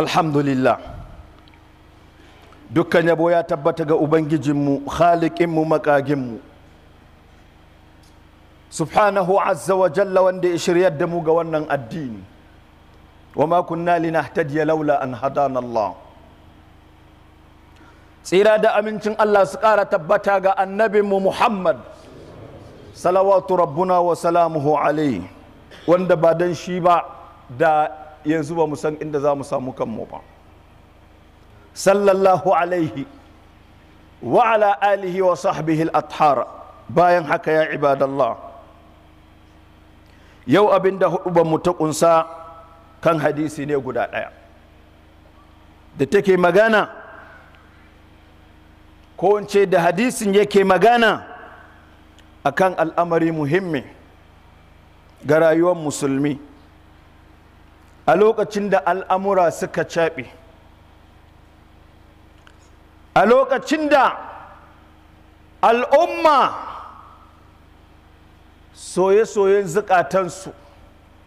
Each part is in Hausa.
alhamdulillah dukkan yabo ya tabbata ga ubangijinmu khaliƙinmu makaginmu subhanahu azza wa jalla wanda ya shiryar da mu ga wannan addini wa ma linahtadiya laula an hadana tsira da amincin Allah su ƙara tabbata ga annabinmu Muhammad salawatu rabbuna wa salamuhu alaihi wanda ba dan shi ba da yanzu ba mu san inda za mu samu kanmu ba sallallahu alaihi wa ala alihi wa sahbihi al-athhara bayan haka ya ibadallah yau abinda hudu mu ta kunsa kan hadisi ne guda ɗaya da take magana ko ce da hadisin yake magana akan al'amari muhimmi ga rayuwar musulmi a lokacin da al'amura suka caɓe a lokacin da al'umma soye-soyen zukatansu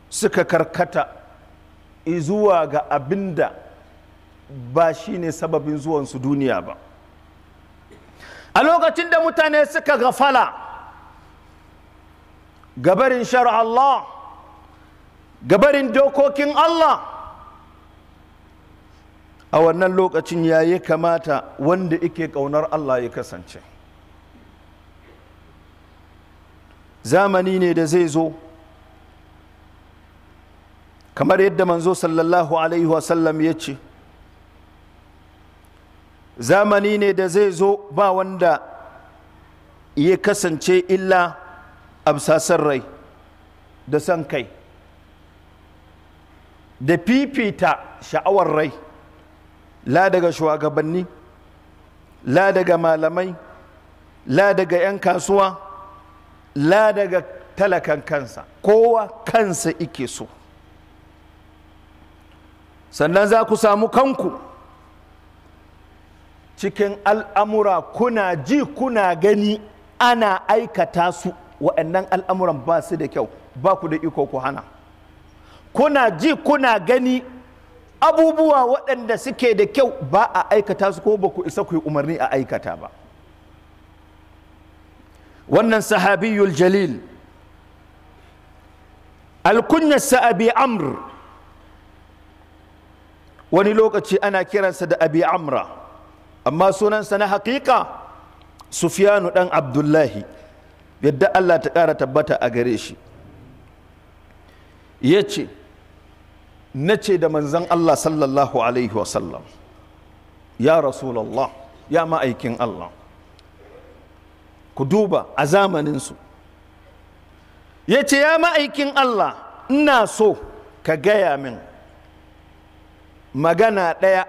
suka karkata zuwa ga abin da ba shi ne sababin zuwansu duniya ba a lokacin da mutane suka gafala gabarin shar'allah Allah gabarin dokokin Allah a wannan lokacin ya yi kamata wanda ike ƙaunar Allah ya kasance zamani ne da zai zo kamar yadda manzo sallallahu alaihi wasallam ya ce zamani ne da zai zo ba wanda ya kasance illa absasar rai da son kai da fifita sha'awar rai la daga shugabanni la daga malamai la daga 'yan kasuwa la daga talakan kansa kowa kansa ike so sannan za ku samu kanku cikin al'amura kuna ji kuna gani ana aikata su wa'annan al'amuran ba su da kyau ba ku da iko ku hana kuna ji kuna gani abubuwa waɗanda suke da kyau ba a aikata su ko ba ku isa ku yi umarni a aikata ba wannan sahabiyul jalil alkunyarsa abi amr wani lokaci ana kiransa da abi amra amma sunansa na hakika sufiyanu ɗan abdullahi yadda allah ta ƙara tabbata a gare shi ya ce na ce da manzan Allah sallallahu alaihi wasallam ya rasulallah ya ma'aikin Allah ku duba a zamaninsu ya ce ya ma'aikin Allah ina so ka gaya min magana ɗaya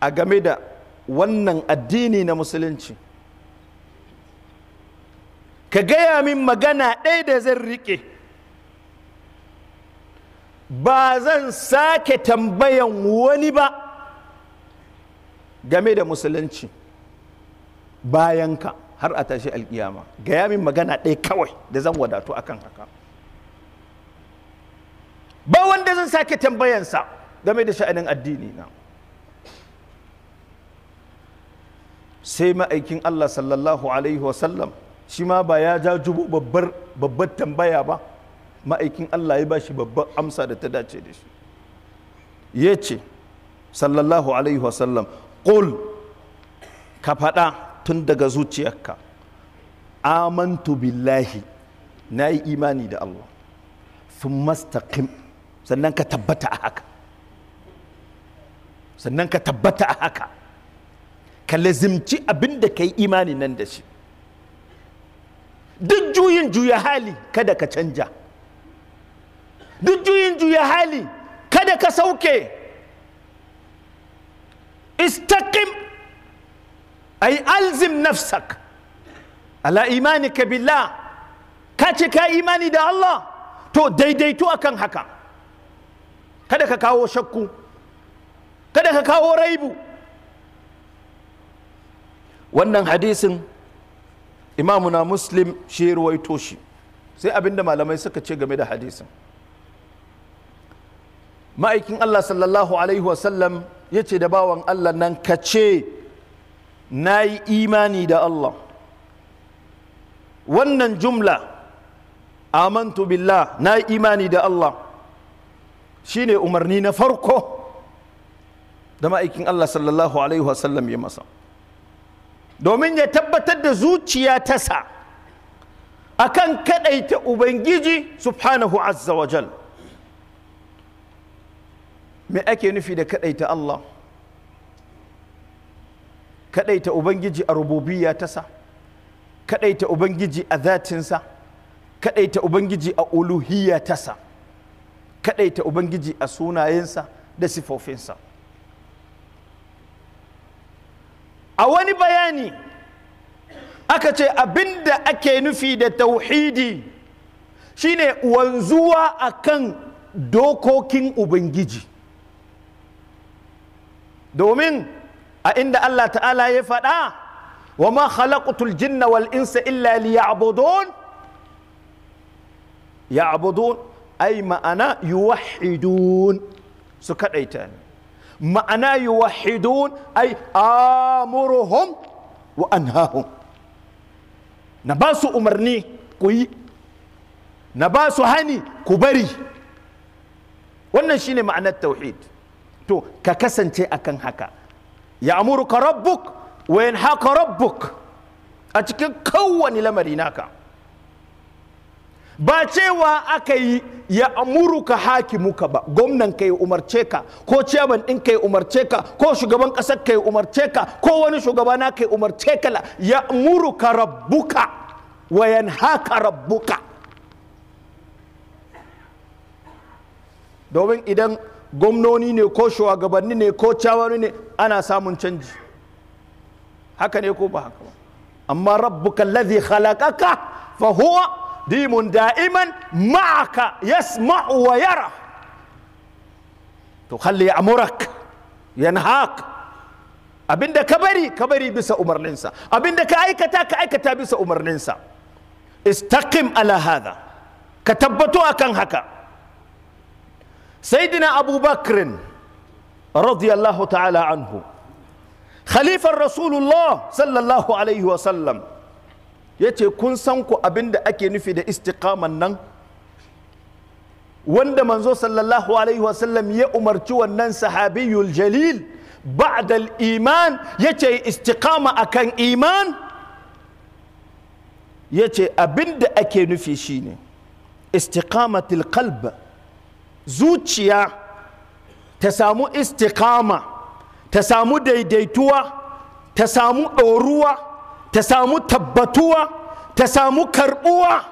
a game da wannan addini na musulunci ka gaya min magana ɗaya da zan riƙe ba zan sake tambayan wani ba game da musulunci bayan ka har a tashi alkiyama gaya min magana ɗaya kawai da zan wadatu akan haka ba wanda zan sake tambayansa game da sha'anin addini na sai ma'aikin Allah sallallahu alaihi wasallam shi ma ba ya ja jubo babbar tambaya ba ma'aikin Allah ya bashi babban amsa da ta dace da shi ya ce sallallahu alaihi wasallam ƙul ka faɗa tun daga zuciyarka amantu billahi na yi imani da Allah sun mastaqim sannan ka tabbata a haka sannan ka tabbata a haka ka lazimci abin da ka yi imani nan da shi duk juyin juya hali kada ka canja duk juyin juya hali kada ka sauke istaqim ay alzim nafsak ala imanika billah ka ce ka imani da Allah to daidaito akan haka kada ka kawo shakku kada ka kawo raibu wannan hadisin imamuna muslim shi ruwaito shi sai abinda malamai suka ce game da hadisin ma'aikin Allah sallallahu alaihi wasallam ya ce da bawan Allah nan ka ce na yi imani da Allah wannan jumla amantu billah na yi imani da Allah shine umarni na farko da ma'aikin Allah sallallahu alaihi wasallam ya masa domin ya tabbatar da zuciya tasa akan kaɗaita ubangiji subhanahu azza wa jalla me ake nufi da kadaita Allah kadaita ubangiji a rububiyya tasa kadaita ubangiji a zatinsa kadaita ubangiji a uluhiyya tasa kadaita ubangiji a sunayensa da sifofinsa a wani bayani aka ce abinda ake nufi da tauhidi shine wanzuwa akan dokokin ubangiji domin a inda Allah ta'ala ya faɗa wa ma khalaqatul jinna wal insa illa liya'budun ya'budun ai ma'ana yuwahhidun su kadaita ne ma'ana yuwahhidun ai amuruhum wa anhahum na ba su umarni ku yi na ba su hani ku bari wannan shine ma'anar tauhid to ka kasance a kan haka ya amuruka rabbuk wa haka rabbuk a cikin kowane lamari naka ba cewa aka yi ya amuruka hakimuka ba gwamnan ka yi umarce ka ko ciyaman ɗin ka ya umarce ka ko shugaban ƙasar ka yi umarce ka ko wani shugaba na ka yi umarce ka ya amuruka rabbuka wayan haka rabbuka domin idan gwamnoni ne ko shugabanni ne ko cawani ne ana samun canji haka ne ko ba haka ba amma rabbuka alladhi khalaqaka fa huwa dimun da'iman ma'aka yasma'u wa yara to khalli amurak yanhak abinda ka bari ka bari bisa umarninsa abinda ka aikata ka aikata bisa umarninsa istaqim ala hada ka tabbato akan haka sayyidina abubakrin radiyallahu ta'ala anhu khalifar rasulullah sallallahu alaihi wasallam ya ce kun san ku abinda ake nufi da istiqaman nan wanda manzo sallallahu alaihi wasallam ya umarci wannan sahabiyul jalil ba'dal iman yace istikama akan iman yace abinda abin da ake nufi shine istiqamatul qalb zuciya ta samu istikama ta samu daidaituwa ta samu ɗoruwa ta samu tabbatuwa ta samu karɓuwa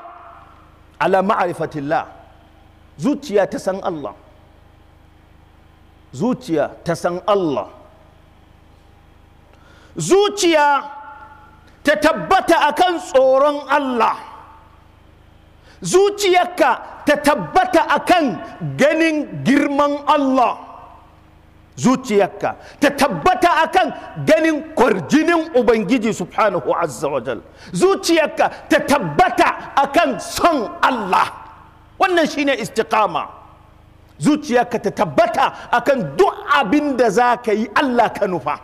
ala ma'arifatillah zuciya ta san Allah zuciya ta san Allah zuciya ta tabbata akan tsoron Allah zuciyarka ta tabbata akan ganin girman Allah zuciyarka ta tabbata akan ganin kwarjinin ubangiji subhanahu azza wajal zuciyarka ta tabbata akan son Allah wannan shine istiqama zuciyarka ta tabbata akan duk abin da za ka yi Allah ka nufa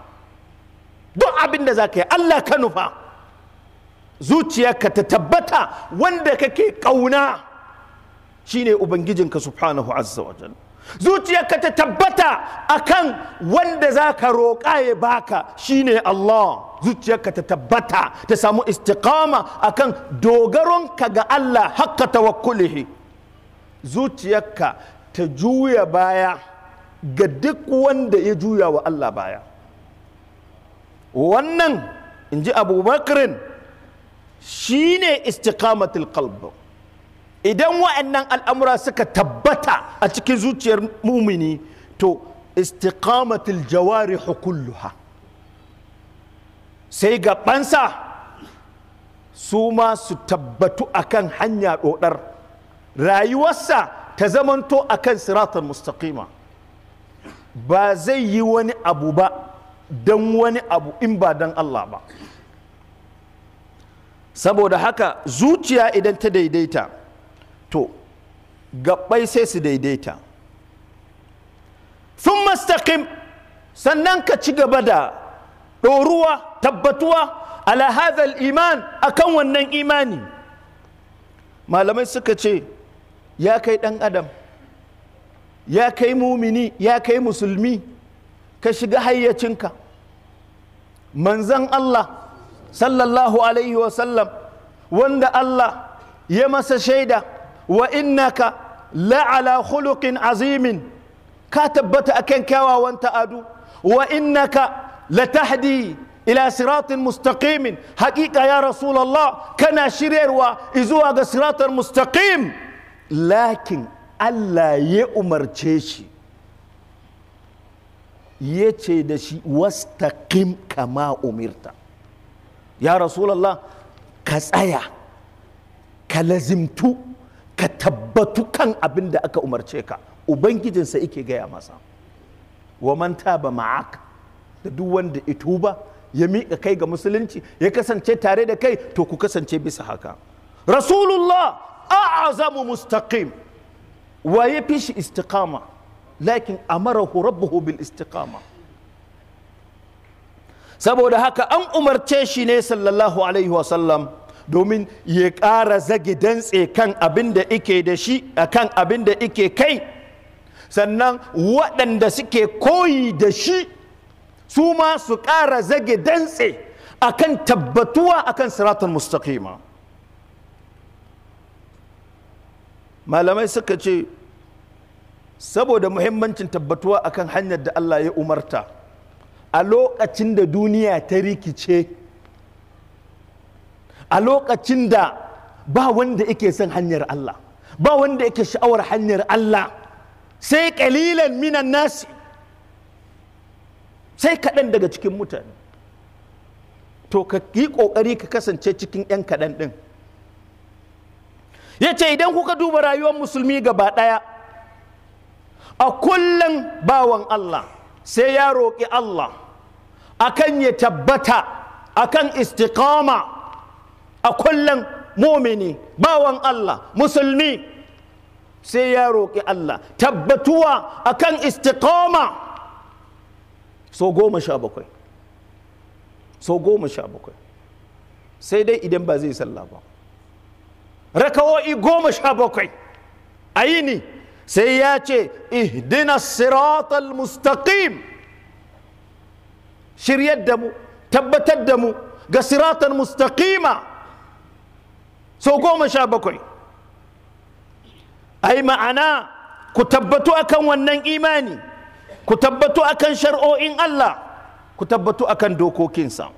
duk abin da za ka yi Allah ka nufa zuciyarka ta tabbata wanda kake ƙauna shine ubangijinka subhanahu azza wa jalla zuciyarka ta tabbata akan wanda za ka roƙa ya baka shine Allah zuciyarka ta tabbata ta samu istiqama akan dogaronka ga Allah hakka tawakkulihi zuciyarka ta juya baya ga duk wanda ya juya wa Allah baya wannan in ji abubakarin shine istiqamatul qalb idan wa'annan al'amura suka tabbata a cikin zuciyar mumini to istiqamatul jawarih kulluha sai gabansa su ma su tabbatu akan hanya dodar rayuwarsa ta zamanto akan siratar mustaqima ba zai yi wani abu ba don wani abu in ba don Allah ba saboda haka zuciya idan ta daidaita to gabbai sai su daidaita sun mastaƙim sannan ka ci gaba da ɗoruwa tabbatuwa ala hadhal iman akan wannan imani malamai suka ce ya kai ɗan adam ya kai mumini ya kai musulmi ka shiga hayyacinka manzan Allah sallallahu alaihi wasallam wanda Allah ya masa shaida wa innaka la'ala khuluqin azimin ka tabbata akan kyawawan ta'adu wa innaka latahdi ila siratin mustaqimin haƙiƙa ya rasulallah kana shiryarwa zuwa ga siratar mustaqim lakin Allah ya umarce shi ya ce da shi wastaqim kama umirta ya rasulallah ka tsaya ka lazimtu ka tabbatu kan abin da aka umarce ka ubangijinsa ike gaya masa wa man taba ma'ak da duk wanda ituba ya miƙa kai ga musulunci ya kasance tare da kai to ku kasance bisa haka rasulullah a'azamu mustaqim wa ya fi shi istiqama lakin amarahu rabbuhu bil istiqama saboda haka an umarce shi ne sallallahu alaihi wasallam domin ya ƙara zage dantse kan abin da ike da shi kan abin da ike kai sannan waɗanda suke koyi da shi su ma su ƙara zage dantse akan tabbatuwa akan siratul mustaqima malamai suka ce saboda muhimmancin tabbatuwa akan hanyar da Allah ya umarta a lokacin da duniya ta rikice a lokacin da ba wanda yake son hanyar Allah ba wanda yake sha'awar hanyar Allah sai kalilan minan nasi sai kaɗan daga cikin mutane to ka yi ƙoƙari ka kasance cikin 'yan kaɗan ɗin Yace idan kuka duba rayuwar musulmi gaba ɗaya a kullum bawan Allah sai ya roƙi Allah akan ya tabbata akan istiqama a kullum mumini bawan Allah musulmi sai ya roƙi Allah tabbatuwa akan istiqama so goma sha bakwai so goma sha bakwai sai dai idan ba zai sallah ba rakawo'i goma sha bakwai a yi ni sai ya ce ihdina siratal mustaqim shiryar da mu tabbatar da mu ga siratal mustaqima sau goma sha bakwai ai ma'ana ku tabbatu akan wannan imani ku tabbatu akan shar'o'in Allah ku tabbatu akan dokokinsa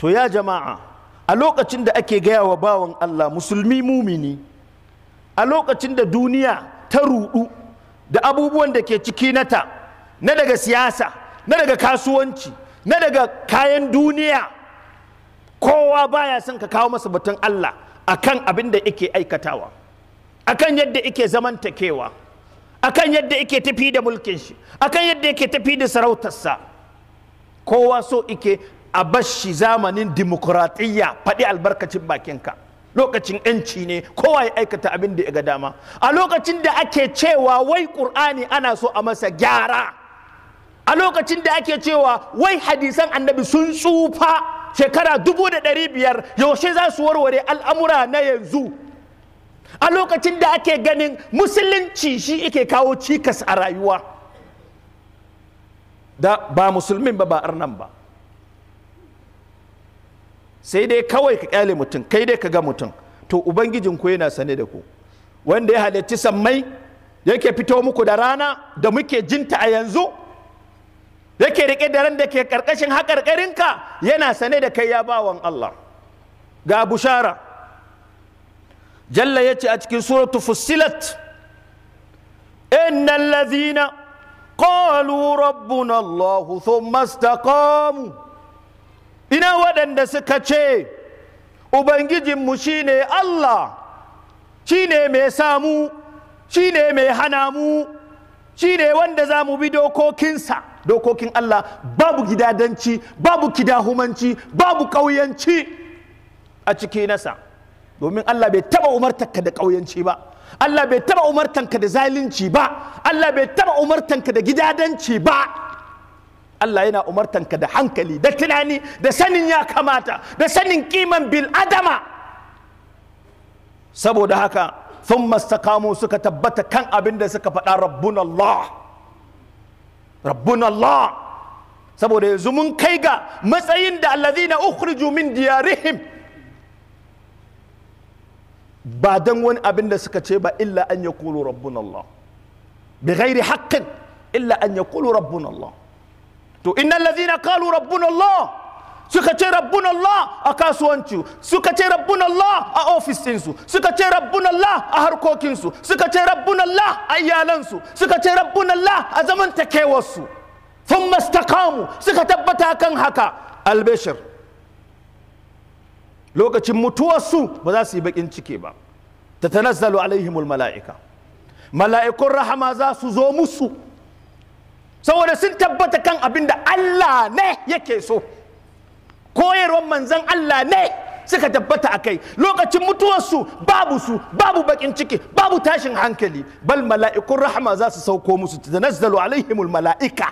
to ya jama'a a lokacin da ake gaya wa bawan Allah musulmi mumini a lokacin da duniya ta rudu da abubuwan da ke ciki nata na daga siyasa na daga kasuwanci na daga kayan duniya kowa baya son ka kawo masa batun Allah akan abin da yake aikatawa akan yadda yake zamantakewa akan yadda yake tafi da mulkin shi akan yadda yake tafi da sarautarsa kowa so yake a bashi zamanin dimokuraɗiyya faɗi albarkacin bakinka lokacin yanci ne kowa ya aikata abin da ya ga dama a lokacin da ake cewa wai ƙur'ani ana so a masa gyara a lokacin da ake cewa wai hadisan annabi sun tsufa shekara dubu da ɗari biyar yaushe za su warware al'amura na yanzu a lokacin da ake ganin musulunci shi ike kawo cikas a rayuwa da ba musulmin ba ba arnan ba sai dai kawai ka kyale mutum kai dai ka ga mutum to ubangijin ku yana sane da ku wanda ya halarci sammai yake fito muku da rana da muke jinta a yanzu yake rike da ran da ke karkashin haƙarƙarinka yana sane da kai ya bawan Allah ga bushara jalla ya ce a cikin suratu fussilat innal ladhina qalu rabbuna Allah thumma istaqamu ina waɗanda suka ce ubangijinmu shi ne allah shi ne mai samu shi ne mai hana mu shi ne wanda za mu bi dokokinsa dokokin allah babu gidadanci babu kidahumanci babu ƙauyanci a ciki nasa domin allah bai taɓa umartanka da ƙauyanci ba allah bai taɓa umartanka da zalunci ba allah bai taɓa umartanka da gidadanci ba Allah yana umartanka da hankali da tunani da sanin ya kamata da sanin kiman bil adama saboda haka sun mastakamu suka tabbata kan abin da suka faɗa rabbun Allah rabbun Allah saboda yanzu mun kai ga matsayin da allazina na min diyarihim ba dan wani abin da suka ce ba illa an yaqulu rabbun Allah bi ghairi illa an yaqulu rabbun Allah to innal ladhina qalu rabbuna Allah suka ce rabbun Allah a kasuwanci suka ce rabbun Allah a ofisinsu. suka ce rabbun Allah a harkokinsu suka ce rabbun Allah a iyalansu suka ce rabbun Allah a zamantakewarsu sun mastakamu suka tabbata kan haka albashir lokacin mutuwarsu ba za su yi bakin ciki ba ta tanazzalu alaihimul mala'ika mala'ikun rahama za su zo musu saboda sun tabbata kan abin da Allah ne yake so koyarwar manzan Allah ne suka tabbata a kai lokacin mutuwarsu babu su babu bakin ciki babu tashin hankali bal mala'ikun rahama za su sauko musu da tanazzalu alaihimul mala'ika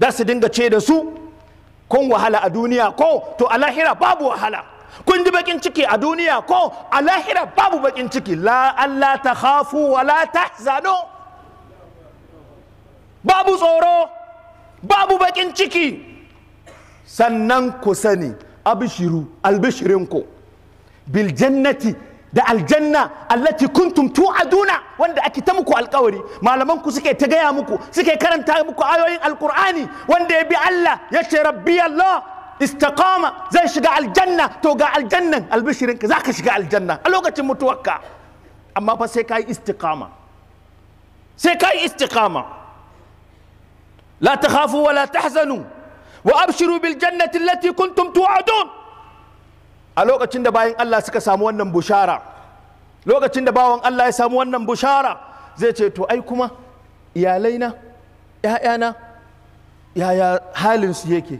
za su dinga ce da su kun wahala a duniya ko to a lahira babu wahala kun ji bakin ciki a duniya ko a lahira babu bakin ciki la Allah ta khafu wa la tahzanu babu tsoro babu bakin ciki sannan ku sani abishiru albishirinku bil jannati da aljanna allati kuntum tu'aduna wanda ake ta muku alkawari malaman ku suke ta gaya muku suke karanta muku ayoyin alkur'ani wanda ya bi Allah ya ce rabbi Allah istiqama zai shiga aljanna to ga aljannan albishirinka zaka shiga aljanna a lokacin mutuwarka amma fa sai kai istiqama sai kai istiqama لا تخافوا ولا تحزنوا وابشروا بالجنة التي كنتم توعدون a lokacin da bayan Allah suka samu wannan bushara lokacin da bawan Allah ya samu wannan bushara zai ce to ai kuma iyalaina ‘ya'yana yaya halinsu yake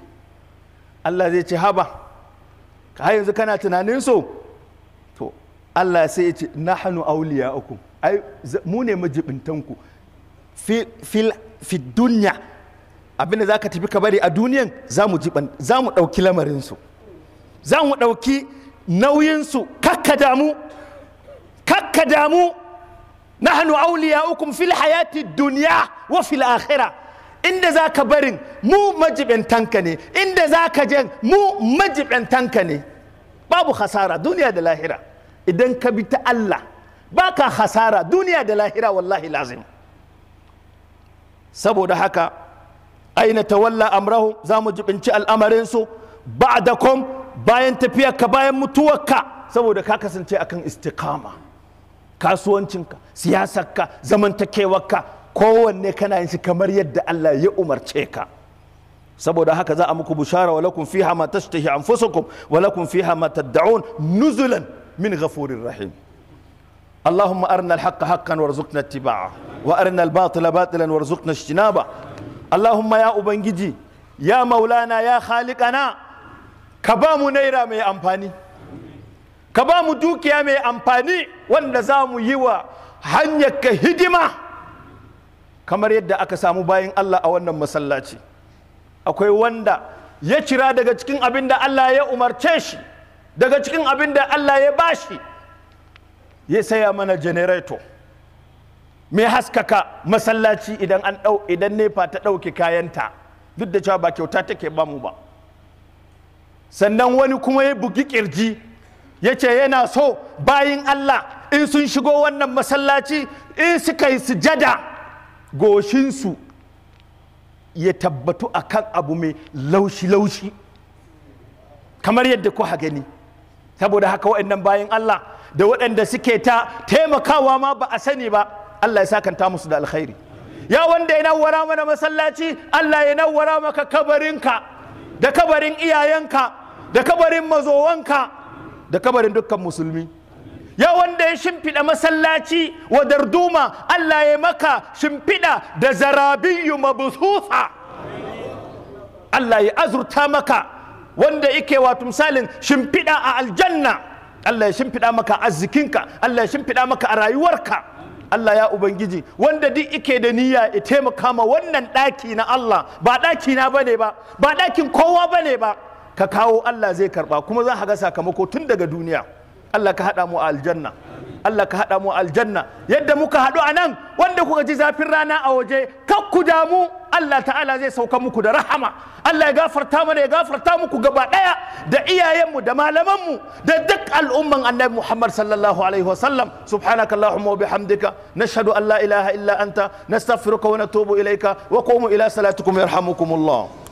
Allah zai ce haba ka yanzu kana tunanin so to Allah sai ya ce nahanu auliya uku ai mu ne majibintanku fil dunya abinda za ka tafi ka bari a duniyan za mu ɗauki lamarinsu za mu ɗauki nauyinsu kakka damu kakka damu nahnu hukum fil hayati duniya wa fil akhirah inda za ka barin mu majibantanka ne inda za ka jan mu majibantanka ne babu hasara duniya da lahira idan ka bi ta Allah ba ka hasara duniya da lahira wallahi lazim saboda haka aina tawalla amrahu za mu jibinci al'amarinsu ba'dakum bayan tafiyarka bayan mutuwarka saboda ka kasance akan istiqama kasuwancinka siyasarka zamantakewarka kowanne kana yin shi kamar yadda Allah ya umarce ka saboda haka za a muku bushara wa lakum fiha ma tashtahi anfusukum wa lakum fiha ma tad'un nuzulan min ghafurir rahim اللهم أرنا الحق حقا وارزقنا اتباعه وأرنا الباطل باطلا وارزقنا اجتنابه Allahumma ya Ubangiji ya maulana ya Khalikana, ka ba mu naira mai amfani ka ba mu dukiya mai amfani wanda za mu yi wa hanyar ka hidima kamar yadda aka samu bayan Allah a wannan masallaci akwai wanda ya cira daga cikin abin da Allah ya umarce shi daga cikin abin da Allah ya bashi ya saya mana generator me haskaka masallaci idan an dau idan nefa ta dauke kayanta duk da cewa ba kyauta take ba mu ba sannan wani kuma ya bugi kirji yace yana so bayin Allah in sun shigo wannan masallaci in suka yi sujada goshinsu ya tabbatu akan abu mai laushi laushi kamar yadda ku gani saboda haka waɗannan bayin Allah da waɗanda suke ta taimakawa ma ba a sani ba Allah ya sakanta musu da alkhairi ya wanda ya nawara mana masallaci Allah ya nawwara maka kabarinka da kabarin iyayenka da kabarin mazowanka da kabarin dukkan musulmi ya wanda ya shimfiɗa masallaci wa darduma Allah ya maka shimfiɗa da zarabiyu mabuthusa Allah ya azurta maka wanda yake wato misalin shimfiɗa a aljanna Allah ya shimfiɗa maka arzikinka Allah ya shimfiɗa maka a rayuwarka Allah ya Ubangiji wanda duk ike da niyya ya taimaka ma wannan ɗaki na Allah ba ɗaki na bane ba ba ɗakin kowa bane ba ka kawo Allah zai karɓa kuma za ka ga sakamako tun daga duniya Allah ka haɗa mu a aljanna Allah ka haɗa mu aljanna yadda muka haɗu a nan wanda kuka ji zafin rana a waje ka ku damu Allah ta'ala zai sauka muku da rahama Allah ya gafarta mana ya gafarta muku gaba ɗaya da iyayenmu da malamanmu da duk al'umman annabi Muhammad sallallahu alaihi wasallam subhanaka allahumma wa bihamdika nashhadu an la ilaha illa anta nastaghfiruka wa natubu ilaika wa qumu ila salatikum yarhamukumullah